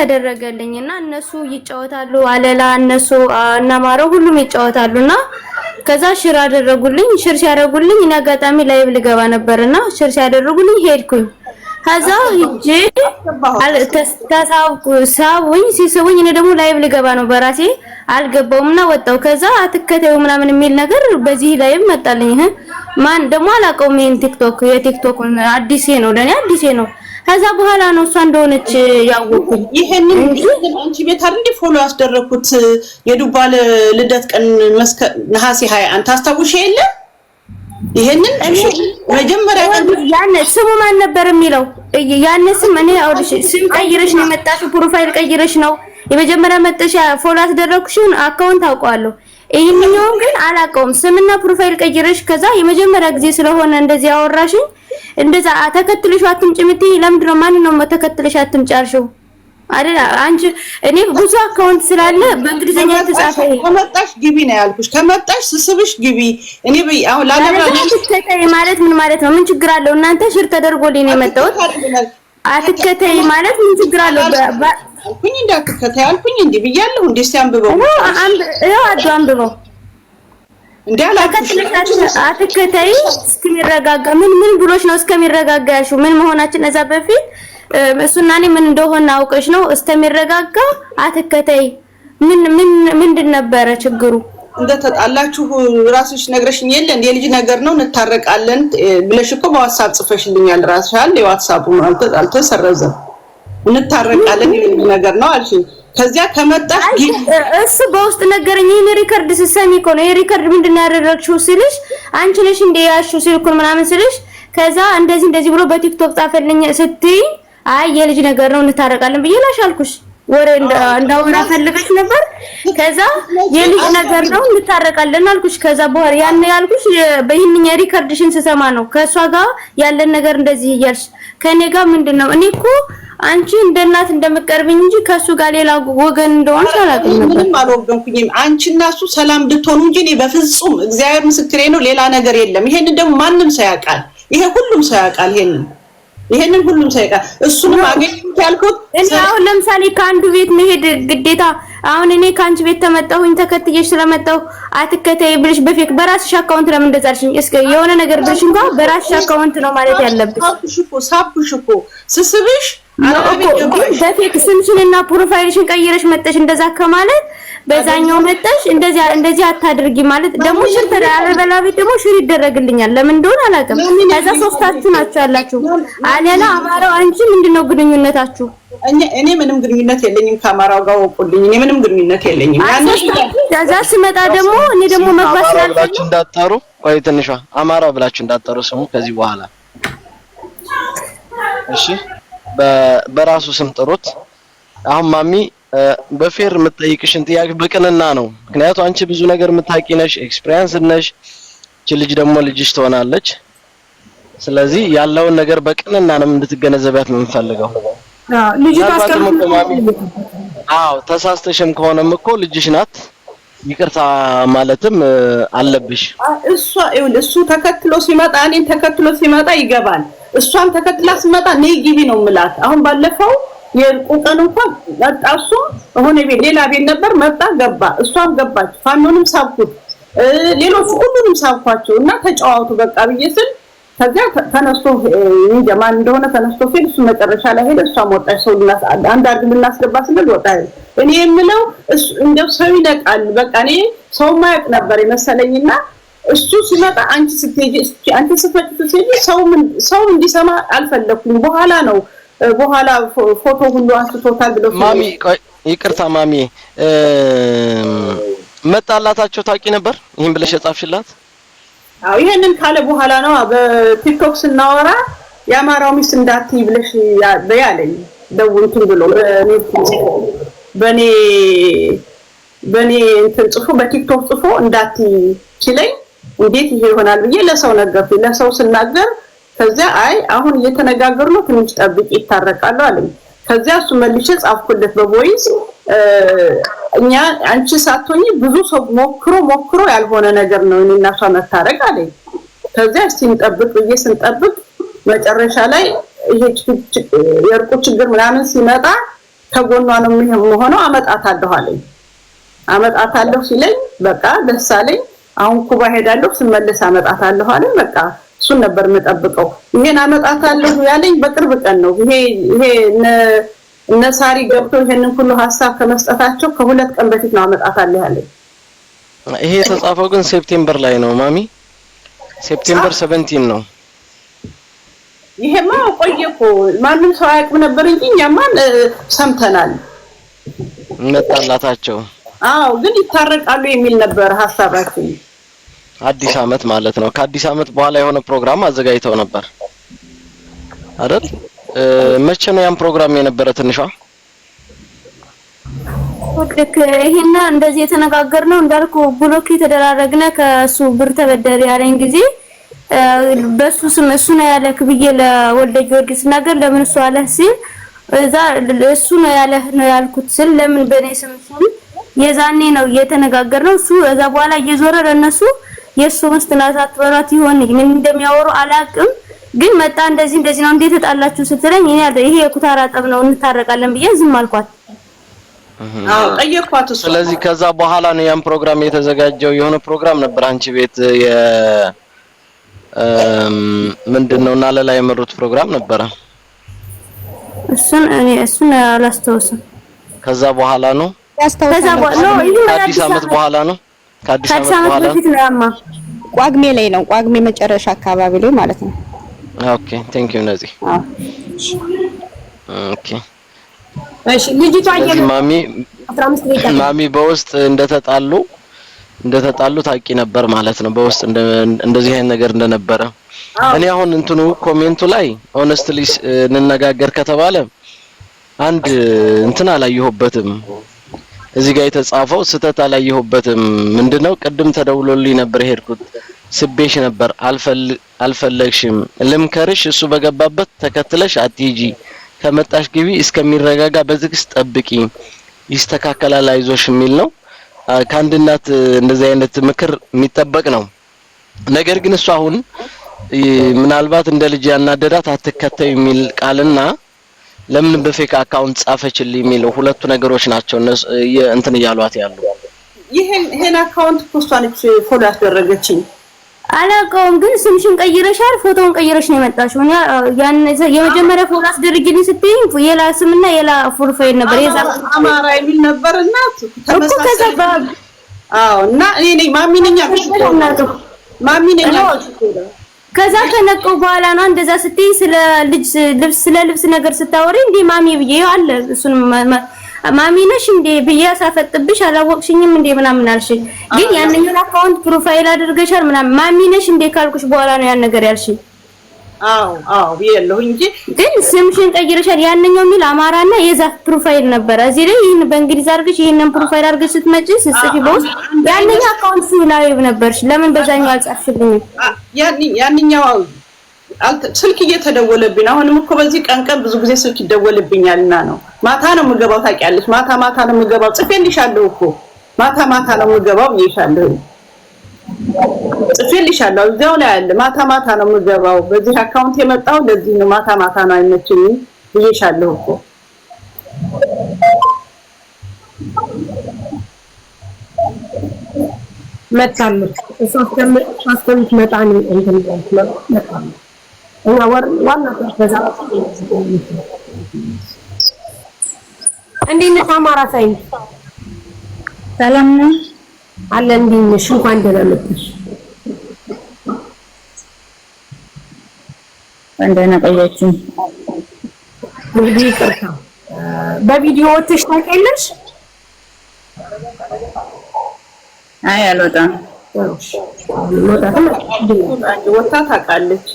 ተደረገልኝ እና እነሱ ይጫወታሉ። አለላ እነሱ እናማረው ሁሉም ይጫወታሉ እና ከዛ ሽር አደረጉልኝ። ሽር ሲያደርጉልኝ እኔ አጋጣሚ ላይብ ልገባ ነበርና ሽር ሲያደርጉልኝ ሄድኩኝ። ከዛ ሂጄ ተሳብኩ ሳቡኝ ሲስቡኝ፣ እኔ ደግሞ ላይብ ልገባ ነው በራሴ አልገባውምና ወጣው። ከዛ አትከተው ምናምን የሚል ነገር በዚህ ላይብ መጣልኝ። ማን ደግሞ አላውቀውም። ይሄን ቲክቶክ የቲክቶክ አዲሴ ነው ለኔ አዲሴ ነው ከዛ በኋላ ነው እሷ እንደሆነች ያወቅኩኝ። ይሄንን አንቺ ቤት አይደል እንደ ፎሎ ያስደረኩት የዱባለ ልደት ቀን መስከ ነሐሴ 21 ታስታውሽ የለ ይሄንን መጀመሪያ ያን ስሙ ማን ነበር የሚለው ያን ስም እኔ አውልሽ ስም ቀይረሽ ነው የመጣሽው፣ ፕሮፋይል ቀይረሽ ነው የመጀመሪያ መጠሻ ፎሎ ያስደረኩሽውን አካውንት አውቀዋለሁ። ይሄንኛውን ግን አላውቀውም። ስምና ፕሮፋይል ቀይረሽ ከዛ የመጀመሪያ ጊዜ ስለሆነ እንደዚህ አወራሽኝ። እንደዛ ተከትለሽ አትምጭ የምትይኝ ለምንድን ነው? ማንን ነው ተከትለሽ አትምጭ አልሽው አይደል? አንቺ እኔ ብዙ አካውንት ስላለ በእንግሊዝኛ የተጻፈ ከመጣሽ ግቢ ነው ያልኩሽ። ከመጣሽ ስስብሽ ግቢ። እኔ አሁን አትከተይ ማለት ምን ማለት ነው? ምን ችግር አለው? እናንተ ሽር ተደርጎልኝ ነው የመጣሁት። አትከተይ ማለት ምን ችግር አለው? አልኩኝ እንዳትከተይ አልኩኝ። እንዲህ ብያለሁ። እንዲህ እስኪ አንብበው። አንብበው አትከተይ እስከሚረጋጋ ምን ምን ብሎሽ ነው እስከሚረጋጋ ያልሺው? ምን መሆናችን እዛ በፊት እሱና እኔ ምን እንደሆነ አውቀሽ ነው እስከሚረጋጋ አትከተይ። ምን ምን ምንድን ነበረ ችግሩ? እንደተጣላችሁ ራስሽ ነግረሽኝ የለ እንደ ነገር ነው እንታረቃለን ብለሽ እኮ በዋትሳፕ ጽፈሽልኛል። ራስሽ አለ የዋትሳፑ አልተሰረዘም እንታረቃለን የሚል ነገር ነው አልሽኝ። ከዚያ ከመጣሽ እሱ በውስጥ ነገረኝ። ይሄን ሪከርድ ስሰሚ እኮ ነው ይሄ ሪከርድ ምንድን ነው ያደረግሽው ስልሽ አንቺ ነሽ እንደ ያልሽው ሲልኩን ምናምን ስልሽ ከዛ እንደዚህ እንደዚህ ብሎ በቲክቶክ ጻፈልኝ ስትይ አይ የልጅ ነገር ነው እንታረቃለን ብዬ ላሽ አልኩሽ። ወሬ እንዳወራ ፈልገሽ ነበር። ከዛ የልጅ ነገር ነው እንታረቃለን አልኩሽ። ከዛ በኋላ ያን ያልኩሽ በይህንኛ ሪከርድሽን ስሰማ ነው ከእሷ ጋር ያለን ነገር እንደዚህ እያልሽ ከኔ ጋር ምንድን ነው እኔ እኮ አንቺ እንደ እናት እንደምትቀርብኝ እንጂ ከሱ ጋር ሌላ ወገን እንደሆነ አላውቅም። ምንም አልወገንኩኝም። አንቺ እና እሱ ሰላም እንድትሆኑ እንጂ እኔ በፍጹም እግዚአብሔር ምስክሬ ነው፣ ሌላ ነገር የለም። ይሄንን ደግሞ ማንም ሰው ያውቃል። ይሄ ሁሉም ሰው ያውቃል። ይሄንን ይሄንን ሁሉም ሰው ያውቃል። እሱንም አገኘሁት ያልኩት እኔ አሁን ለምሳሌ ከአንዱ ቤት መሄድ ግዴታ አሁን እኔ ከአንቺ ቤት ተመጣሁኝ ተከትዬሽ ስለመጣሁ አትከተይ ብልሽ በፌክ በራስሽ አካውንት ለምን እንደዛ አልሽኝ? እስኪ የሆነ ነገር ብልሽ እንኳን በራስሽ አካውንት ነው ማለት ያለብሽ። ሳብሽ እኮ ስስብሽ በፌክ ስምሽንና ፕሮፋይልሽን ቀይረሽ መጠሽ እንደዛ ከማለት በዛኛው መጠሽ እንደዚህ እንደዚህ አታድርጊ ማለት ደግሞ ሽር ተዳረበላ ቤት ደግሞ ሽር ይደረግልኛል። ለምን እንደሆነ አላውቅም። ከዛ ሶስታችሁ ናችሁ ያላችሁ አለላ አማራው አንቺ ምንድነው ግንኙነታችሁ? እኔ ምንም ግንኙነት የለኝም ከአማራው ጋር ወቁልኝ። እኔ ምንም ግንኙነት የለኝም። ከዛ ስመጣ ደግሞ እኔ ደግሞ መግባት ስላልብላችሁ እንዳጠሩ ቆይ ትንሿ አማራው ብላችሁ እንዳጠሩ ስሙ ከዚህ በኋላ እሺ። በራሱ ስም ጥሩት። አሁን ማሚ በፌር የምትጠይቅሽን ጥያቄ በቅንና ነው። ምክንያቱ አንቺ ብዙ ነገር የምታውቂ ነሽ፣ ኤክስፒሪየንስ ነሽ። እቺ ልጅ ደግሞ ልጅሽ ትሆናለች። ስለዚህ ያለውን ነገር በቅንና ነው እንድትገነዘቢያት ነው የምንፈልገው። አዎ ተሳስተሽም ከሆነም እኮ ልጅሽ ናት፣ ይቅርታ ማለትም አለብሽ። እሷ እሱ ተከትሎ ሲመጣ እኔን ተከትሎ ሲመጣ ይገባል። እሷም ተከትላ ሲመጣ ነይ ግቢ ነው የምላት። አሁን ባለፈው የእርቁ ቀን እንኳን መጣ። ሆነ ቤት ሌላ ቤት ነበር፣ መጣ፣ ገባ፣ እሷም ገባች። ፋኖንም ሳብኩት፣ ሌሎቹ ሁሉንም ሳብኳቸው እና ተጫዋቱ በቃ ብዬ ስል ከዚያ ተነስቶ ይህ ጀማን እንደሆነ ተነስቶ ሲል እሱ መጨረሻ ላይ ሄደ። እሷም ወጣች። ሰው አንድ አርግ ልናስገባ ስንል ወጣ። እኔ የምለው እንደው ሰው ይነቃል። በቃ እኔ ሰው ማያውቅ ነበር የመሰለኝና እሱ ሲመጣ አንቺ ስትሄጂ አንቺ ስትፈጭ ሲሄጂ ሰው እንዲሰማ አልፈለኩም። በኋላ ነው በኋላ ፎቶ ሁሉ አንስቶታል ብሎ ማሚ፣ ይቅርታ ማሚ፣ መጣላታቸው ታውቂ ነበር? ይህን ብለሽ የጻፍሽላት አዎ ይሄንን ካለ በኋላ ነው በቲክቶክ ስናወራ የአማራው ሚስት እንዳትይ ብለሽ ያለኝ ደውንቱን ብሎ በኔ በኔ እንትን ጽፎ በቲክቶክ ጽፎ እንዳትይ ችለኝ እንዴት ይሄ ይሆናል ብዬ ለሰው ነገርኩ። ለሰው ስናገር ከዚያ አይ አሁን እየተነጋገሩ ነው፣ ትንሽ ጠብቂ ይታረቃሉ አለኝ። ከዚያ እሱ መልሼ ጻፍኩለት በቮይስ እኛ አንቺ ሳትሆኚ ብዙ ሰው ሞክሮ ሞክሮ ያልሆነ ነገር ነው እኔ እና እሷ መታረቅ አለኝ። ከዚያ እስቲ እንጠብቅ ብዬ ስንጠብቅ መጨረሻ ላይ ይሄ የእርቁ ችግር ምናምን ሲመጣ ከጎኗ ነው የምሆነው፣ አመጣታለሁ አለኝ። አመጣታለሁ ሲለኝ በቃ ደስ አለኝ። አሁን ኩባ ሄዳለሁ ስመለስ አመጣታለሁ አለኝ። በቃ እሱን ነበር የምጠብቀው። ይሄን አመጣታለሁ ያለኝ በቅርብ ቀን ነው። ይሄ ይሄ እነ ሳሪ ይሄንን ሁሉ ሀሳብ ከመስጠታቸው ከሁለት ቀን በፊት ነው አመጣታለሁ ያለኝ። ይሄ የተጻፈው ግን ሴፕቴምበር ላይ ነው ማሚ፣ ሴፕቴምበር ሰቨንቲን ነው። ይሄማ ቆየ እኮ ማንም ሰው አያውቅም ነበር እንጂ እኛማን ሰምተናል። መጣላታቸው። አዎ ግን ይታረቃሉ የሚል ነበር ሀሳባችን። አዲስ አመት ማለት ነው። ከአዲስ አመት በኋላ የሆነ ፕሮግራም አዘጋጅተው ነበር አይደል? መቼ ነው ያን ፕሮግራም የነበረ? ትንሿ ወደክ ይሄና እንደዚህ ነው እንዳልኩ ብሎክ የተደራረግነ ከሱ ብር ተበደር ያለኝ ጊዜ በሱ ስም እሱ ነው ያለክ ብዬ ለወልደ ጊዮርጊስ ነገር ለምን እሱ አለህ ሲል እዛ እሱ ነው ያለህ ነው ያልኩት ስል ለምን በእኔ ስም የዛኔ ነው ነው እሱ እዛ በኋላ እየዞረ ለነሱ የእሱ ሚስት ናት አትበሏት ይሆን ምን እንደሚያወሩ አላቅም ግን መጣ እንደዚህ እንደዚህ ነው እንዴት ተጣላችሁ ስትለኝ እኔ አለ ይሄ የኩታራ ጠብ ነው እንታረቃለን ብዬ ዝም አልኳት። አዎ ጠየቅኳት እሱ። ስለዚህ ከዛ በኋላ ነው ያን ፕሮግራም የተዘጋጀው። የሆነ ፕሮግራም ነበር አንቺ ቤት የ ምንድን ነው እና ለላይ የመሩት ፕሮግራም ነበረ። እሱን እኔ እሱን አላስታውስም። ከዛ በኋላ ነው ከዛ በኋላ ነው አዲስ ዓመት በኋላ ነው ከአዲስ አመት በፊት ነው ያማ ቋግሜ ላይ ነው ቋግሜ መጨረሻ አካባቢ ላይ ማለት ነው። ኦኬ ቴንክ ዩ ነፂ። ኦኬ እሺ ልጅቷ ማሚ ማሚ በውስጥ እንደተጣሉ እንደተጣሉ ታውቂ ነበር ማለት ነው። በውስጥ እንደዚህ አይነት ነገር እንደነበረ እኔ አሁን እንትኑ ኮሜንቱ ላይ ኦነስትሊ እንነጋገር ከተባለ አንድ እንትን አላየሁበትም። እዚህ ጋር የተጻፈው ስህተት አላየሁበትም። ምንድነው? ቅድም ተደውሎልኝ ነበር ሄድኩት ስቤሽ ነበር አልፈለግሽም። ልምከርሽ፣ እሱ በገባበት ተከትለሽ አትሂጂ። ከመጣሽ ግቢ፣ እስከሚረጋጋ በትዕግስት ጠብቂ፣ ይስተካከላል፣ አይዞሽ የሚል ነው። ከአንድ እናት እንደዚህ አይነት ምክር የሚጠበቅ ነው። ነገር ግን እሱ አሁን ምናልባት እንደ ልጅ ያናደዳት አትከተዩ የሚል ቃልና ለምን በፌክ አካውንት ጻፈችልኝ የሚለው ሁለቱ ነገሮች ናቸው እንትን እያሏት ያሉ። ይሄን ይሄን አካውንት ፖስቷንች ፎሎ ያስደረገችኝ አላውቀውም፣ ግን ስምሽን ቀይረሻል፣ ፎቶውን ቀይረሽ ነው የመጣሽው። እኔ ያን የመጀመሪያ ፎሎ አስደርግልኝ ስትይኝ የላ ስምና የላ ፕሮፋይል ነበር፣ የዛ አማራ የሚል ነበር እና እኮ ከዛ አዎ እና እኔ ማሚነኛ ማሚነኛ ከዛ ከነቀው በኋላ ነው እንደዛ ስትይ ስለ ልጅ ልብስ ስለ ልብስ ነገር ስታወሪ እንዴ ማሚ ብዬ አለ እሱን ማሚ ነሽ እንዴ ብዬ ሳፈጥብሽ አላወቅሽኝም እንዴ ምናምን አልሽኝ። ግን ያንኛውን አካውንት ፕሮፋይል አድርገሻል ምናምን ማሚ ነሽ እንዴ ካልኩሽ በኋላ ነው ያን ነገር ያልሽኝ። አዎ አዎ ብያለሁ እንጂ ግን ስምሽን ቀይረሻል። ያንኛው የሚል አማራና የዛ ፕሮፋይል ነበረ። እዚህ ላይ ይሄን በእንግሊዝ አድርገሽ ይሄንን ፕሮፋይል አድርገሽ ስትመጪ ስትጽፊ በውስጥ ያንኛው አካውንት ላይ ነበርሽ። ለምን በዛኛው አልጻፍሽልኝም? ያንኛው ስልክ እየተደወለብኝ አሁንም እኮ በዚህ ቀን ቀን ብዙ ጊዜ ስልክ ይደወልብኛልና ነው። ማታ ነው የምገባው ታውቂያለሽ። ማታ ማታ ነው የምገባው። ጽፌልሻለሁ እኮ ማታ ማታ ነው የምገባው ብዬሻለሁ። ጽፌልሻለሁ። እዚያው ላይ አለ። ማታ ማታ ነው የምገባው። በዚህ አካውንት የመጣው ለዚህ ነው። ማታ ማታ ነው አይመችኝም ብዬሻለሁ እኮ እሷ ሰላም አለ። እንዴት ነሽ? እንኳን ደህና መጣሽ። እንደና በቪዲዮ ታውቂያለሽ? አይ አልወጣም። ታውቃለች።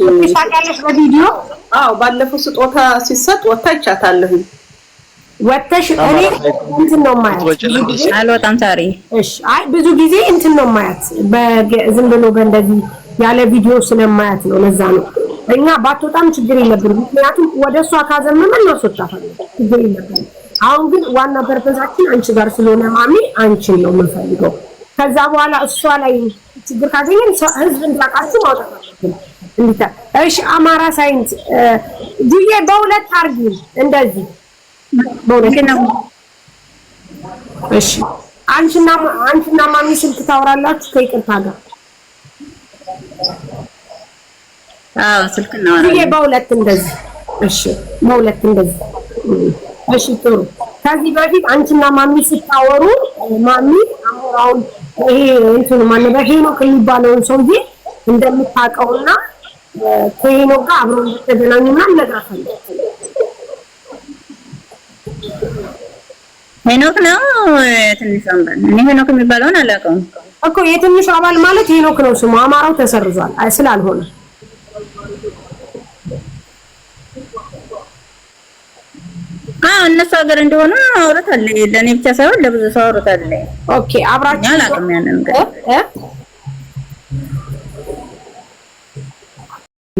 በቪዲዮ አዎ። ባለፈው ስጦታ ሲሰጥ ወታ ይቻታለሁ። ወጥተሽ እኔ እንትን ነው የማያት አልወጣም። ዛሬ እሺ። አይ ብዙ ጊዜ እንትን ነው የማያት ዝም ብሎ በእንደዚህ ያለ ቪዲዮ ስለማያት ነው። ለዛ ነው እኛ ባትወጣም ችግር የለብንም። ምክንያቱም ወደ እሷ ካዘመመ ነርሶች አፈለ ችግር የለብንም። አሁን ግን ዋና ፐርፐዛችን አንቺ ጋር ስለሆነ ማሚ አንቺን ነው የምንፈልገው። ከዛ በኋላ እሷ ላይ ችግር ካገኘን ህዝብ እንዲያውቃችሁ ማውጣት እንዲታ እሺ፣ አማራ ሳይንስ ጅዬ በሁለት አርጊ እንደዚህ በሁለት ነው። እሺ፣ አንቺና አንቺና ማሚ ስልክ ታወራላችሁ ከይቅርታ ጋር አዎ ስልክ እናወራለን። በሁለት እንደዚህ እሺ፣ በሁለት እንደዚህ እሺ። ጥሩ። ከዚህ በፊት አንቺና ማሚ ስታወሩ ማሚ አሞራውን ይሄ እንትን ማን ሄኖክ የሚባለውን ሰውዬ እንደምታውቀውና ከሄኖክ ጋር አብሮ እንደተገናኙና እነግራታለሁ። ሄኖክ ነው ትንሽ አምባል። እኔ ሄኖክ የሚባለውን አላውቀውም እኮ። የትንሹ አባል ማለት ሄኖክ ነው ስሙ። አማራው ተሰርዟል ስላልሆነ አዎ እነሱ ሀገር እንደሆነ አውርታለሁ። ለእኔ ብቻ ሳይሆን ለብዙ ሰው አውርታለሁ። ኦኬ አብራችሁ አላውቅም ያንን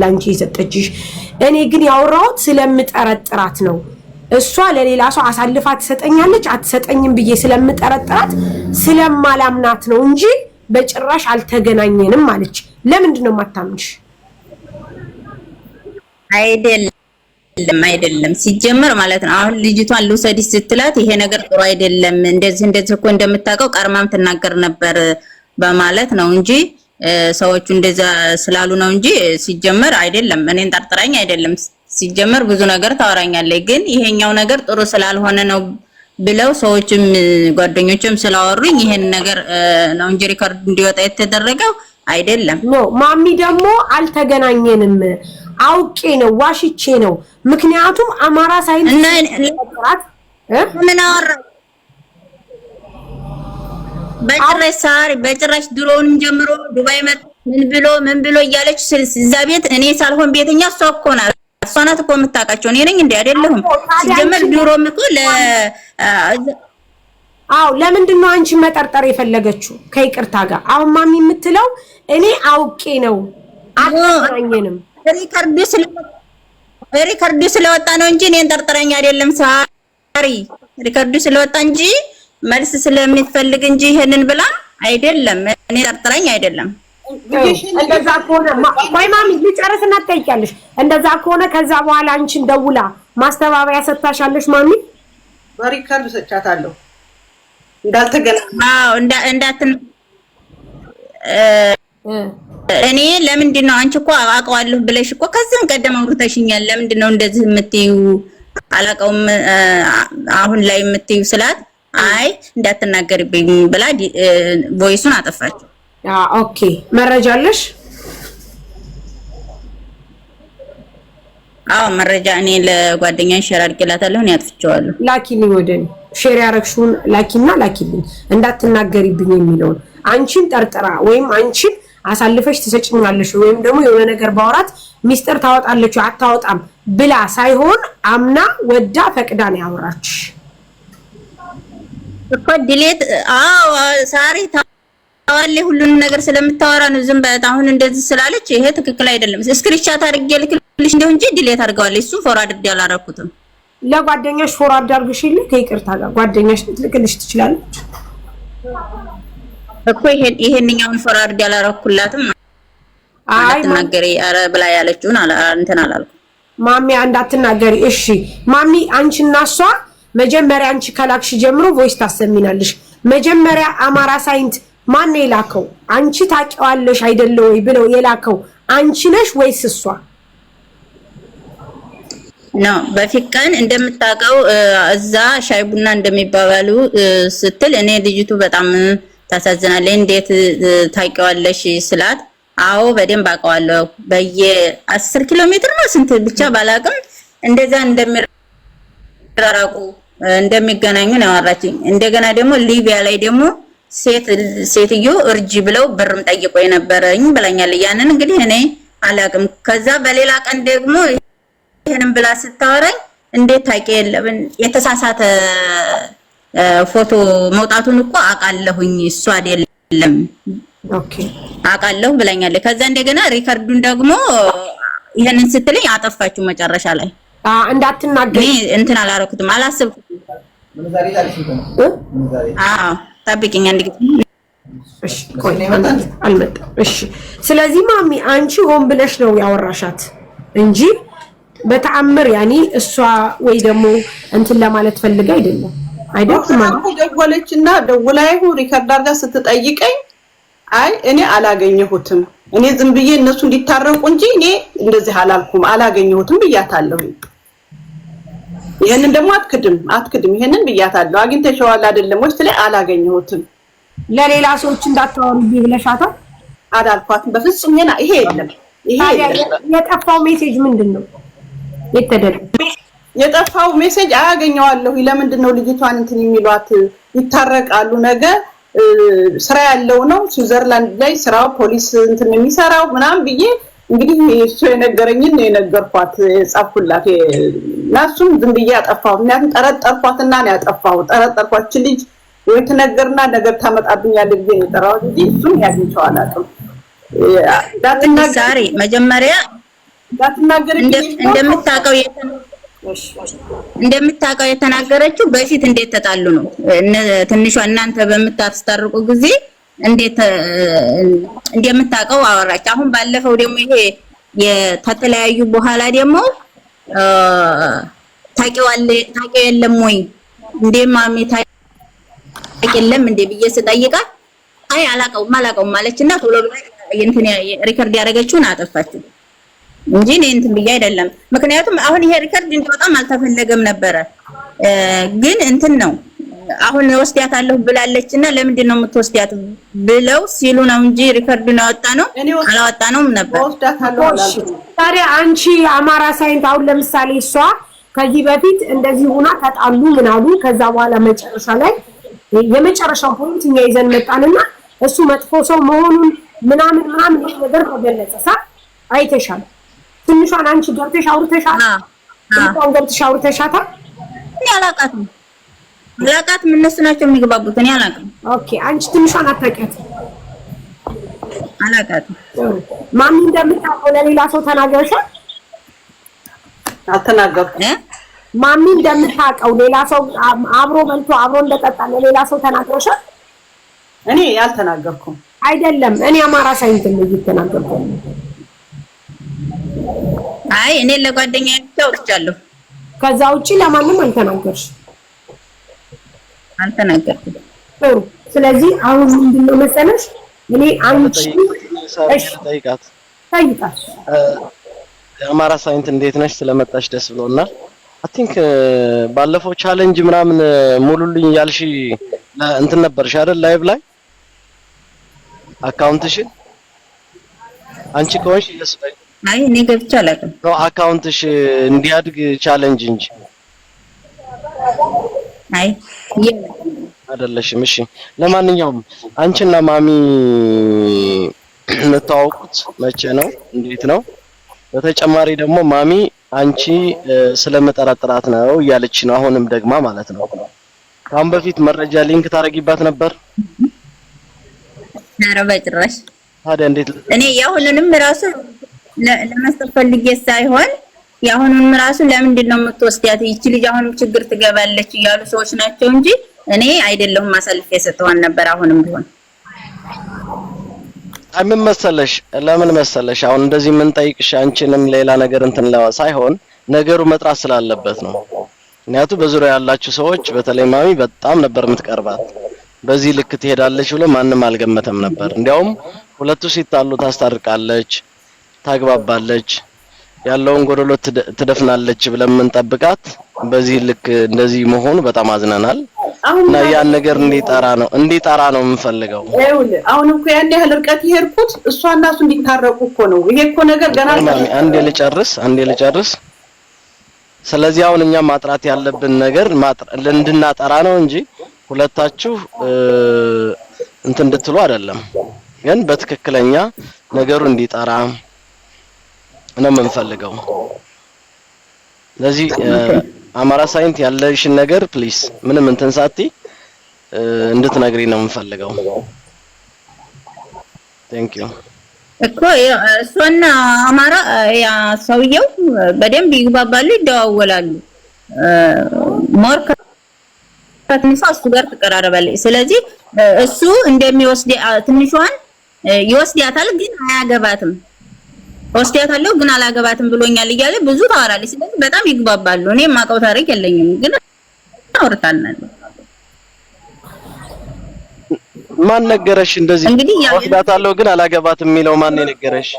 ላንቺ የሰጠችሽ እኔ ግን ያወራሁት ስለምጠረጥራት ነው። እሷ ለሌላ ሰው አሳልፋ ትሰጠኛለች አትሰጠኝም ብዬ ስለምጠረጥራት ስለማላምናት ነው እንጂ በጭራሽ አልተገናኘንም አለች። ለምንድን ነው የማታምንሽ? አይደለም አይደለም አይደለም፣ ሲጀመር ማለት ነው። አሁን ልጅቷን ልውሰድ ስትላት ይሄ ነገር ጥሩ አይደለም፣ እንደዚህ እንደዚህ እኮ እንደምታውቀው ቀርማም ትናገር ነበር በማለት ነው እንጂ ሰዎቹ እንደዛ ስላሉ ነው እንጂ ሲጀመር አይደለም። እኔን ጠርጥራኝ አይደለም። ሲጀመር ብዙ ነገር ታወራኛለች፣ ግን ይሄኛው ነገር ጥሩ ስላልሆነ ነው ብለው ሰዎችም ጓደኞችም ስላወሩኝ ይሄን ነገር ነው እንጂ ሪከርድ እንዲወጣ የተደረገው አይደለም። ማሚ ደግሞ አልተገናኘንም አውቄ ነው ዋሽቼ ነው። ምክንያቱም አማራ ሳይል ምን አወራሁ? በጭራሽ ሳሪ በጭራሽ ድሮውንም ጀምሮ ዱባይ መጣ ምን ብሎ ምን ብሎ እያለች እዛ ቤት እኔ ሳልሆን ቤተኛ እሷ እኮ ናት። እሷ ናት እኮ የምታውቃቸው እኔ ነኝ እንዴ? አይደለሁም። ሲጀመር ድሮም እኮ ለ አዎ ለምንድን ነው አንቺን መጠርጠር የፈለገችው? ከይቅርታ ጋር አሁን ማሚ የምትለው እኔ አውቄ ነው አትገናኘንም ሪከርዱ ስለወጣ ነው እንጂ እኔን ጠርጥረኝ አይደለም። ሳሪ ሪከርዱ ስለወጣ እንጂ መልስ ስለምትፈልግ እንጂ ይሄንን ብላ አይደለም። እኔ ጠርጥረኝ አይደለም። እንደዛ ከሆነ ቆይ ማሚ ልጨርስና ትጠይቂያለሽ። እንደዛ ከሆነ ከዛ በኋላ አንቺን ደውላ ማስተባበያ ሰጥታሻለሽ ማሚ? በሪከርድ ሰጥቻታለሁ እንዳልተገናኘ አዎ እኔ ለምንድን ነው አንቺ እኮ አውቀዋለሁ ብለሽ እኮ ከዚህም ቀደም አውርተሽኛል። ለምንድን ነው እንደዚህ የምትዩ አላውቀውም አሁን ላይ የምትዩ ስላት አይ እንዳትናገርብኝ ብላ ቮይሱን አጠፋችው። ኦኬ መረጃ አለሽ? አዎ መረጃ እኔ ለጓደኛ ሼር አድርጌላታለሁ። እኔ አጥፍቼዋለሁ። ላኪልኝ፣ ወደ እኔ ሼር ያረግሽውን ላኪና ላኪልኝ። እንዳትናገሪብኝ የሚለውን አንቺን ጠርጥራ ወይም አንቺን አሳልፈሽ ትሰጭኛለሽ ወይም ደግሞ የሆነ ነገር ባወራት ሚስጥር ታወጣለች አታወጣም ብላ ሳይሆን አምና ወዳ ፈቅዳ ነው ያወራች እኮ ድሌት። አዎ ሳሪ ታዋለ ሁሉንም ነገር ስለምታወራ ነው። ዝም በያት አሁን እንደዚህ ስላለች ይሄ ትክክል አይደለም። ስክሪንሻት አድርጌ ልክልሽ እንደው እንጂ ዲሌት አድርገዋለች። እሱን ፎር አድርጌ አላረኩትም። ለጓደኛሽ ፎር አዳርግሽልኝ ከይቅርታ ጋር ጓደኛሽ ልትልክልሽ ትችላለች። እኮ ይሄንኛውን ፈራርድ ያላረኩላትም እንዳትናገሪ ብላ ያለችውን እንትን አላልኩ። ማሚ እንዳትናገሪ እሺ። ማሚ አንቺ እና እሷ መጀመሪያ አንቺ ከላክሽ ጀምሮ ቮይስ ታሰሚናለሽ። መጀመሪያ አማራ ሳይንት ማን የላከው? አንቺ ታውቂዋለሽ አይደለ ወይ ብለው የላከው አንቺ ነሽ ወይስ እሷ? ነው በፊት ቀን እንደምታውቀው እዛ ሻይ ቡና እንደሚባባሉ ስትል እኔ ልጅቱ በጣም ታሳዝናለች። እንዴት ታውቂዋለሽ ስላት አዎ በደንብ አውቀዋለሁ። በየ አስር ኪሎ ሜትር ነው ስንት ብቻ ባላቅም እንደዛ እንደሚራራቁ እንደሚገናኙ ነው ያወራችኝ። እንደገና ደግሞ ሊቢያ ላይ ደግሞ ሴት ሴትዮ እርጅ ብለው ብርም ጠይቆ የነበረኝ ብላኛለች። ያንን እንግዲህ እኔ አላቅም። ከዛ በሌላ ቀን ደግሞ ይሄንን ብላ ስታወራኝ እንዴት ታውቂ የተሳሳተ ፎቶ መውጣቱን እኮ አውቃለሁኝ እሱ አይደለም አውቃለሁ ብላኛለች። ከዛ እንደገና ሪከርዱን ደግሞ ይሄንን ስትልኝ አጠፋችሁ መጨረሻ ላይ እንዳትናገሪ እንትን አላረኩትም፣ አላሰብኩትም። አዎ አንድ ጊዜ አልመጣም። እሺ፣ ስለዚህ ማሚ አንቺ ሆን ብለሽ ነው ያወራሻት እንጂ በተአምር ያኔ እሷ ወይ ደግሞ እንትን ለማለት ፈልጋ አይደለም። ደወለች እና ደውላ ይሁን ሪከርድ አድርጋ ስትጠይቀኝ አይ እኔ አላገኘሁትም፣ እኔ ዝም ብዬ እነሱ እንዲታረቁ እንጂ እኔ እንደዚህ አላልኩም፣ አላገኘሁትም ብያታለሁ። ይሄንን ደግሞ አትክድም አትክድም፣ ይሄንን ብያታለሁ። አግኝተሽዋል አይደለም ወይስ ላይ አላገኘሁትም፣ ለሌላ ሰዎች እንዳታወሩብኝ ብለሻታል? አላልኳትም በፍጹም። ይሄ የለም። ይሄ የጠፋው ሜሴጅ ምንድን ነው የተደረገው? የጠፋው ሜሴጅ አያገኘዋለሁ። ለምንድን ነው ልጅቷን እንትን የሚሏት? ይታረቃሉ ነገ ስራ ያለው ነው ስዊዘርላንድ ላይ ስራው ፖሊስ እንትን የሚሰራው ምናምን ብዬ እንግዲህ እሱ የነገረኝን ነው የነገርኳት የጻፍኩላት እና እሱም ዝም ብዬ አጠፋሁ። ምክንያቱም ጠረጠርኳትና ነው ያጠፋው ጠረጠርኳችን ልጅ ወይ ትነገርና ነገር ታመጣብኛለህ ብዬ ነው የጠራሁት እንጂ እሱም ያግኝቼው አላውቅም። ዛሬ መጀመሪያ እንዳትናገር እንደምታውቀው እንደምታውቀው የተናገረችው በፊት እንዴት ተጣሉ ነው። ትንሿ እናንተ በምታስታርቁ ጊዜ እንዴት እንደምታውቀው አወራች። አሁን ባለፈው ደግሞ ይሄ ከተለያዩ በኋላ ደግሞ ታውቂዋለሽ ታውቂው የለም ወይ እንዴ ማሚ ታውቂ የለም እንዴ ብዬ ስጠይቃት አይ አላውቀውም አላውቀውም ማለችና ቶሎ ብላ እንትን ሪከርድ ያደረገችውን አጠፋችሁ። እንጂ እኔ እንትን ብዬ አይደለም። ምክንያቱም አሁን ይሄ ሪከርድ እንዲወጣም አልተፈለገም ነበረ፣ ግን እንትን ነው አሁን ወስዲያት አለሁ ብላለች እና ለምንድን ነው የምትወስዲያት ብለው ሲሉ ነው እንጂ ሪከርዱን ያወጣ ነው አላወጣ ነውም ነበር። ታዲያ አንቺ አማራ ሳይንት አሁን ለምሳሌ እሷ ከዚህ በፊት እንደዚህ ሆና ተጣሉ ምናሉ፣ ከዛ በኋላ መጨረሻ ላይ የመጨረሻው ፖይንት እኛ ይዘን መጣንና እሱ መጥፎ ሰው መሆኑን ምናምን ምናምን ነገር ተገለጸ። ሳ አይተሻል ትንሿን አንቺ ገብተሽ አውርተሻት? ትንሿን ገብተሽ አውርተሻታል? እኔ አላውቃትም አላውቃትም። እነሱ ናቸው የሚግባቡት። እኔ አላውቅም። ኦኬ አንቺ ትንሿን አታውቂያትም? አላውቃትም። ማሚ እንደምታውቀው ለሌላ ሰው ተናገርሻል? አልተናገርኩም። ማሚ እንደምታውቀው ሌላ ሰው አብሮ በልቶ አብሮ እንደጠጣ ለሌላ ሰው ተናግረሻል? እኔ አልተናገርኩም። አይደለም እኔ አማራ ሳይንት ነው እየተናገርኩ አይ እኔ ለጓደኛ አውጥቻለሁ። ከዛ ውጪ ለማንም አልተናገርሽ አልተናገርኩም። ጥሩ። ስለዚህ አሁን ምንድነው መሰለሽ እኔ አንቺ እሺ፣ ጠይቃት ጠይቃት። የአማራ ሳይንት እንዴት ነሽ? ስለመጣሽ ደስ ብሎናል። አይ ቲንክ ባለፈው ቻሌንጅ ምናምን ሙሉልኝ ያልሽ እንትን ነበርሽ አይደል? ላይቭ ላይ አካውንትሽን አንቺ ከሆንሽ አይ እኔ ገብቼ አላውቅም። አካውንትሽ እንዲያድግ ቻለንጅ እንጂ አይ አይደለሽም። እሺ ለማንኛውም አንቺና ማሚ የምታወቁት መቼ ነው? እንዴት ነው? በተጨማሪ ደግሞ ማሚ አንቺ ስለምጠረጥራት ነው እያለች ነው አሁንም ደግማ ማለት ነው። ከአሁን በፊት መረጃ ሊንክ ታደርጊባት ነበር? ኧረ በጭራሽ። ታዲያ እንዴት እኔ ያሁንንም ራሱ ለመስጠት ፈልጌ ሳይሆን የአሁኑም ራሱ ለምንድን ነው የምትወስዳት ይቺ ልጅ አሁንም ችግር ትገባለች እያሉ ሰዎች ናቸው እንጂ እኔ አይደለሁም ማሳልፍ የሰጠዋን ነበር። አሁንም ቢሆን ምን መሰለሽ፣ ለምን መሰለሽ አሁን እንደዚህ የምንጠይቅሽ አንቺንም ሌላ ነገር እንትን ሳይሆን ነገሩ መጥራት ስላለበት ነው። ምክንያቱም በዙሪያ ያላችሁ ሰዎች በተለይ ማሚ በጣም ነበር የምትቀርባት። በዚህ ልክ ትሄዳለች ብሎ ማንም አልገመተም ነበር። እንዲያውም ሁለቱ ሲጣሉ ታስታርቃለች ታግባባለች፣ ያለውን ጎደሎ ትደፍናለች ብለን የምንጠብቃት በዚህ ልክ እንደዚህ መሆኑ በጣም አዝነናል እና ያን ነገር እንዲጠራ ነው እንዲጠራ ነው የምንፈልገው። አሁን እኮ ያን ያህል እርቀት የሄድኩት እሷ እና እሱ እንዲታረቁ እኮ ነው። ይሄ እኮ ነገር ገና አንዴ ልጨርስ አንዴ ልጨርስ። ስለዚህ አሁን እኛ ማጥራት ያለብን ነገር እንድናጠራ ነው እንጂ ሁለታችሁ እንትን እንድትሉ አይደለም። ግን በትክክለኛ ነገሩ እንዲጠራ ነው የምንፈልገው። ስለዚህ አማራ ሳይንት ያለሽን ነገር ፕሊስ ምንም እንትን ሳቲ እንድትነግሪ ነው የምንፈልገው። ቴንክ ዩ እኮ እሷና አማራ ያ ሰውየው በደንብ ይግባባሉ፣ ይደዋወላሉ። ሞር ከትንሿ እሱ ጋር ትቀራረባለች። ስለዚህ እሱ እንደሚወስድ ትንሿን ያታል፣ ግን አያገባትም። ወስዳታለሁ ግን አላገባትም ብሎኛል እያለ ብዙ ታወራለች። ስለዚህ በጣም ይግባባሉ። እኔ የማውቀው ታሪክ የለኝም፣ ግን አውርታለሁ። ማን ነገረሽ እንደዚህ? እንግዲህ ወስዳታለሁ ግን አላገባትም የሚለው ማን የነገረሽ?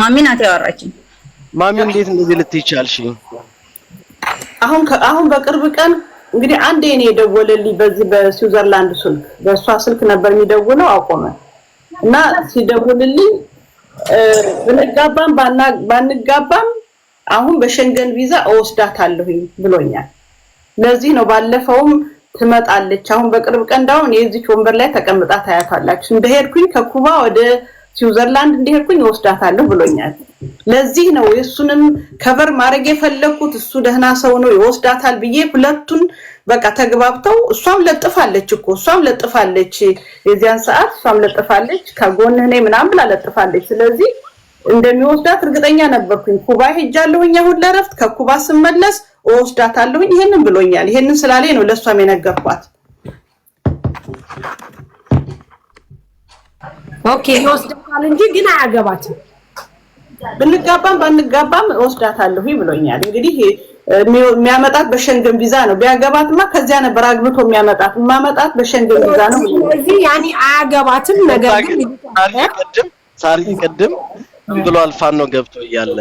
ማሚ ናት ያወራችኝ። ማሚ እንዴት እንደዚህ ልትይ ቻልሽ? አሁን አሁን በቅርብ ቀን እንግዲህ አንዴ እኔ የደወለልኝ በዚህ በስዊዘርላንድ ስልክ በእሷ ስልክ ነበር የሚደውለው አቆመ። እና ሲደውልልኝ ብንጋባም ባንጋባም አሁን በሸንገን ቪዛ እወስዳታለሁኝ ብሎኛል። ለዚህ ነው ባለፈውም ትመጣለች። አሁን በቅርብ ቀን እንዳሁን የዚች ወንበር ላይ ተቀምጣ ታያታላችሁ። እንደሄድኩኝ ከኩባ ወደ ስዊዘርላንድ እንዲሄድኩኝ እወስዳታለሁ ብሎኛል። ለዚህ ነው የእሱንም ከበር ማድረግ የፈለግኩት። እሱ ደህና ሰው ነው ይወስዳታል ብዬ ሁለቱን በቃ ተግባብተው፣ እሷም ለጥፋለች እኮ እሷም ለጥፋለች፣ የዚያን ሰዓት እሷም ለጥፋለች፣ ከጎንህ ነኝ ምናምን ብላ ለጥፋለች። ስለዚህ እንደሚወስዳት እርግጠኛ ነበርኩኝ። ኩባ ሄጃለሁኝ አሁን ለረፍት፣ ከኩባ ስመለስ እወስዳታለሁኝ። ይሄንን ብሎኛል። ይሄንን ስላለኝ ነው ለእሷም የነገርኳት። ኦኬ ይወስዳታል እንጂ ግን አያገባትም። ብንጋባም ባንጋባም እወስዳታለሁ ብሎኛል። እንግዲህ የሚያመጣት በሸንገን ቪዛ ነው። ቢያገባትማ ከዚያ ነበር አግብቶ የሚያመጣት። የማመጣት በሸንገን ቪዛ ነው። ስለዚህ ያኔ አያገባትም። ነገር ግን ቅድም ሳሪ ቅድም ብሏል ፋኖ ገብቶ እያለ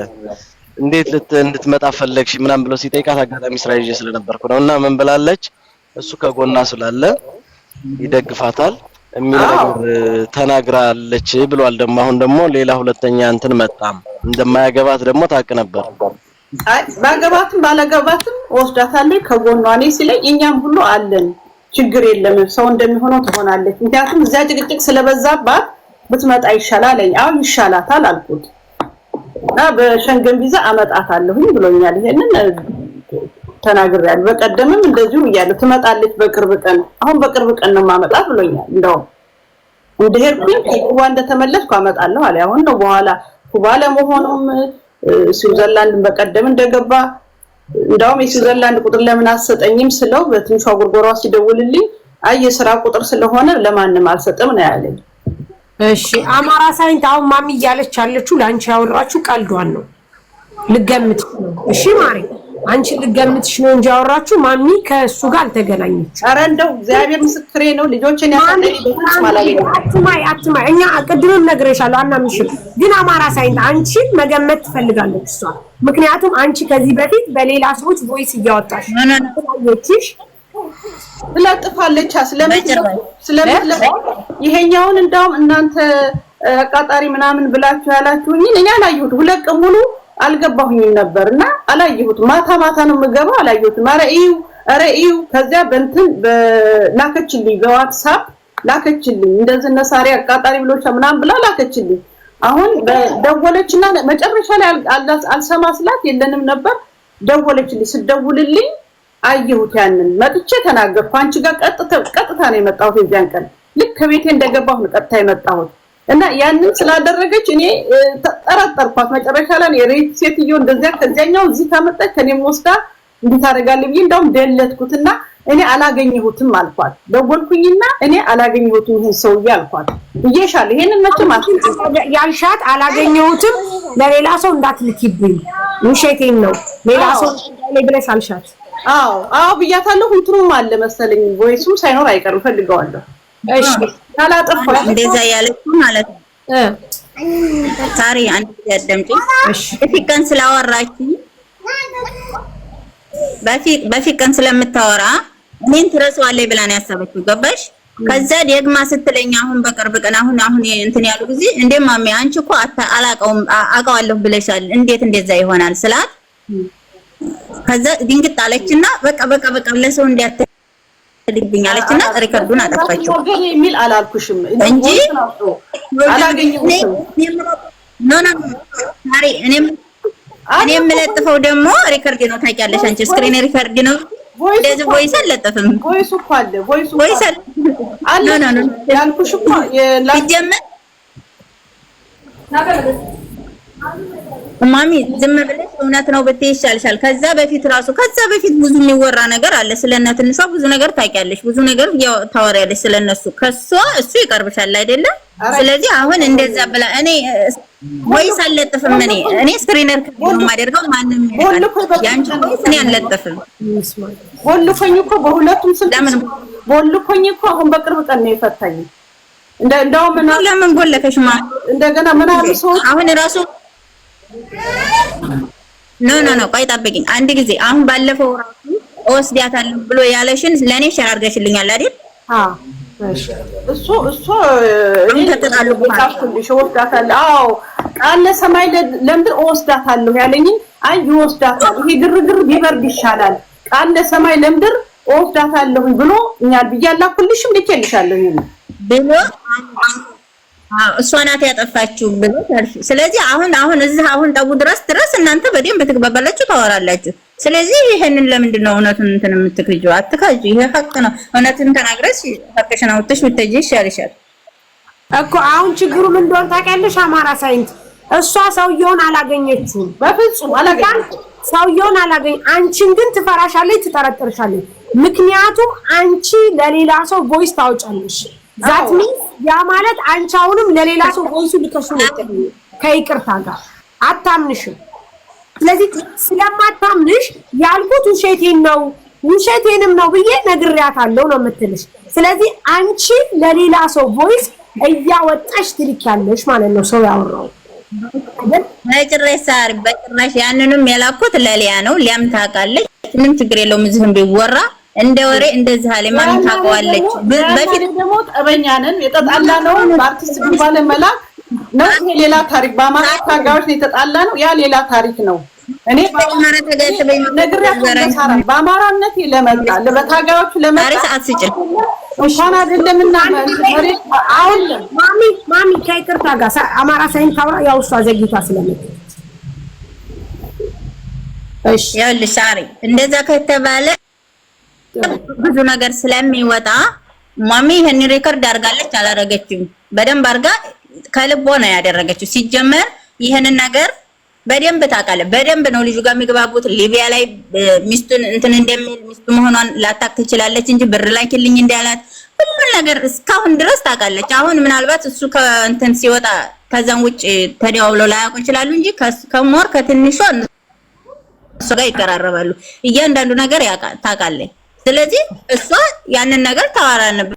እንዴት እንድትመጣ ፈለግሽ ምናምን ብሎ ሲጠይቃት አጋጣሚ ስራ ይዤ ስለነበርኩ ነው እና ምን ብላለች? እሱ ከጎና ስላለ ይደግፋታል የሚል ነገር ተናግራለች ብሏል። ደግሞ አሁን ደግሞ ሌላ ሁለተኛ እንትን መጣም እንደማያገባት ደግሞ ታውቅ ነበር። ባገባትም ባላገባትም ወስዳታለች። ከጎኗ እኔ ሲለኝ እኛም ሁሉ አለን፣ ችግር የለም ሰው እንደሚሆነው ትሆናለች። ምክንያቱም እዚያ ጭቅጭቅ ስለበዛባት ብትመጣ ይሻላል አለኝ። አሁን ይሻላታል አልኩት እና በሸንገን ቪዛ አመጣታለሁኝ ብሎኛል። ይሄንን ተናግሬያለሁ። በቀደምም እንደዚሁ እያለሁ ትመጣለች በቅርብ ቀን፣ አሁን በቅርብ ቀን ነው ማመጣት ብሎኛል። እንደውም እንደሄድኩኝ ኩባ እንደተመለስኩ አመጣለሁ አለ። አሁን ነው በኋላ ኩባ ለመሆኑም ስዊዘርላንድን በቀደም እንደገባ እንደውም የስዊዘርላንድ ቁጥር ለምን አሰጠኝም ስለው በትንሿ ጉርጎሯ ሲደውልልኝ አይ የስራ ቁጥር ስለሆነ ለማንም አልሰጥም ነው ያለኝ። እሺ አማራ ሳይንት አሁን ማሚ እያለች ያለችው ለአንቺ ያወራችሁ ቀልዷን ነው ልገምት። እሺ ማሪ አንቺ ልገምትሽ ነው እንጂ አወራችሁ ማሚ ከእሱ ጋር አልተገናኘች። ኧረ እንደው እግዚአብሔር ምስክሬ ነው። ልጆችን ያሰማይ አትማይ እኛ ቅድምም ነግሬሻለሁ አናምንሽም፣ ግን አማራ ሳይንት አንቺን መገመት ትፈልጋለች እሷ። ምክንያቱም አንቺ ከዚህ በፊት በሌላ ሰዎች ቮይስ እያወጣሽ ችሽ ትለጥፋለች። ስለምን ይሄኛውን እንደውም እናንተ አቃጣሪ ምናምን ብላችሁ ያላችሁኝን እኔ አላየሁት ሁለት ቀን ሙሉ አልገባሁኝም ነበር እና አላየሁት። ማታ ማታ ነው የምገባው፣ አላየሁትም። ኧረ እዩ፣ ኧረ እዩ። ከዚያ በእንትን ላከችልኝ፣ በዋትሳፕ ላከችልኝ። እንደዚህ እነ ሳሪ አቃጣሪ ብሎች ምናምን ብላ ላከችልኝ። አሁን ደወለችና መጨረሻ ላይ አልሰማ ስላት የለንም ነበር። ደወለችልኝ። ስደውልልኝ አየሁት። ያንን መጥቼ ተናገርኩ። አንቺ ጋር ቀጥታ ነው የመጣሁት። የዚያን ቀን ልክ ከቤቴ እንደገባሁ ነው ቀጥታ የመጣሁት። እና ያንን ስላደረገች እኔ ጠረጠርኳት። መጨረሻ ላይ የሬት ሴትዮ እንደዚያ ከዚያኛው እዚህ ታመጣች ከኔም ወስዳ እንድታደርጋለህ ብዬ እንዳውም ደለትኩትና እኔ አላገኘሁትም አልኳት። ደወልኩኝና እኔ አላገኘሁትም ይህን ሰውዬ አልኳት። እየሻል ይሄንን መቼም ያልሻት አላገኘሁትም፣ ለሌላ ሰው እንዳትልኪብኝ ውሸቴን ነው ሌላ ሰው ብለሽ አልሻት። አዎ አዎ ብያታለሁ። እንትኑም አለ መሰለኝ ቮይሱም ሳይኖር አይቀርም ፈልገዋለሁ። እሺ እንደዛ ያለችው ማለት ነው። ሳሪ አንድ በፊት ቀን በፊት ቀን ስለምታወራ እኔን ትረሳዋለች ብላ ነው ያሰበችው። ገባሽ? ከዛ ደግማ ስትለኝ አሁን በቅርብ ቀን አሁን አሁን እንትን ያሉ ጊዜ እንዴ አንቺ እኮ አላውቀውም አውቀዋለሁ ብለሻል፣ እንዴት እንደዛ ይሆናል ስላት ከዛ ድንግጥ አለችና በቃ በቃ በቃ ለሰው እንዲያት ልብኛለች እና ሪከርዱን አጠፋቸው የሚል አላልኩሽም እንጂ እኔ የምለጥፈው ደግሞ ሪከርድ ነው። ታውቂያለሽ አንቺ ስክሪን ሪከርድ ነው። እንደዚህ ቮይስ አልለጥፍም። ቮይሱ እኮ አለ። ቮይሱ አለ ያልኩሽ እኮ ማሚ ዝም ብለሽ እውነት ነው ብትይ ይሻልሻል። ከዛ በፊት ራሱ ከዛ በፊት ብዙ የሚወራ ነገር አለ ስለነ ትንሿ ብዙ ነገር ታውቂያለሽ፣ ብዙ ነገር ታወሪያለሽ ስለነሱ። ከሷ እሱ ይቀርብሻል አይደለም? ስለዚህ አሁን እንደዛ ብላ እኔ ወይስ አልለጥፍም። እኔ እኔ ስክሪነር የማደርገው ማንም ያንቺ እኔ አልለጥፍም። ቦልኮኝ እኮ በሁለቱም ስልክ ቦልኮኝ እኮ አሁን በቅርብ ቀን ነው የፈታኝ። እንደውም ለምን ቦለከሽ? ማ እንደገና ምን ሰዎች አሁን ራሱ ኖ ኖ ኖ፣ ቆይ ጠብቂኝ አንድ ጊዜ። አሁን ባለፈው ራሱ እወስዳታለሁ ብሎ ያለሽን ለእኔ ሸር አድርገሽልኛል አይደል? እሱ እሱ ተጠቃልቁልሽ እወስዳታለሁ። አዎ ቃለ ሰማይ ለምድር እወስዳታለሁ ያለኝ አይ ይወስዳታል፣ ይሄ ግርግር ቢበርድ ይሻላል፣ ቃለ ሰማይ ለምድር እወስዳታለሁ ብሎ እኛል ብዬ ልኬልሻለሁ ብሎ እሷ ናት ያጠፋችሁ ብሎ ስለዚህ አሁን አሁን እዚህ አሁን ጠቡ ድረስ ድረስ እናንተ በደንብ ትግባባላችሁ፣ ታወራላችሁ። ስለዚህ ይሄንን ለምንድን ነው እውነቱን እንትን የምትክጂው? አትካጁ። ይሄ ሀቅ ነው። እውነቱን ተናግረሽ ሀቅሽን አውጥተሽ ብትጂ ይሻልሻል እኮ። አሁን ችግሩ ምን እንደሆነ ታውቂያለሽ? አማራ ሳይንት እሷ ሰውየውን አላገኘችውም፣ በፍጹም አላገኘ ሰውየውን አላገኝ። አንቺን ግን ትፈራሻለች፣ ትጠረጥርሻለች። ምክንያቱም አንቺ ለሌላ ሰው ቮይስ ታውጫለሽ። ዛት ሚንስ ያ ማለት አንቺ አሁንም ለሌላ ሰው ወይሱ ልከሱ ነው ከይቅርታ ጋር አታምንሽም። ስለዚህ ስለማታምንሽ ያልኩት ውሸቴን ነው ውሸቴንም ነው ብዬ ነግሬያታለሁ ነው የምትልሽ። ስለዚህ አንቺ ለሌላ ሰው ቮይስ እያወጣሽ ትልኪያለሽ ማለት ነው። ሰው ያወራው በጭራሽ ሳሪ፣ በጭራሽ ያንንም የላኩት ለሊያ ነው። ሊያም ታውቃለች። ምንም ችግር የለውም። እዚህም ቢወራ እንደ ወሬ እንደዚህ አለ ማን ታውቀዋለች። በፊት ደግሞ ጠበኛ ነን የተጣላ ነው በአርቲስት ጉባለ መላክ ነው። ይሄ ሌላ ታሪክ በአማራ ታጋዮች ነው የተጣላ ነው። ያ ሌላ ታሪክ ነው። እኔ በአማራ ታጋዮች በሚነግራችሁ በአማራነት ለመጣ በታጋዮች ለመጣ አስጭ አትስጭ እንኳን አይደለም እና አሁን ማሚ ማሚ ከይቅርታ ጋር አማራ ሳይን ታውራ ያው እሷ ዘግይታ ስለመጣ እሺ ያው ልሳሪ እንደዛ ከተባለ ብዙ ነገር ስለሚወጣ ማሚ ይሄን ሪከርድ አድርጋለች አላረገችም? በደንብ አድርጋ ከልቦ ነው ያደረገችው። ሲጀመር ይሄንን ነገር በደንብ ታውቃለህ። በደንብ ነው ልጁ ጋር የሚግባቡት። ሊቢያ ላይ ሚስቱን እንትን እንደሚል ሚስቱ መሆኗን ላታቅ ትችላለች እንጂ ብር ላኪልኝ እንዳላት ሁሉን ነገር እስካሁን ድረስ ታውቃለች። አሁን ምናልባት እሱ ከእንትን ሲወጣ ከዛም ውጭ ተደዋውለው ላያውቁ ይችላሉ እንጂ ከሞር ከትንሿ እሱ ጋር ይቀራረባሉ። እያንዳንዱ ነገር ታውቃለች። ስለዚህ እሷ ያንን ነገር ታወራን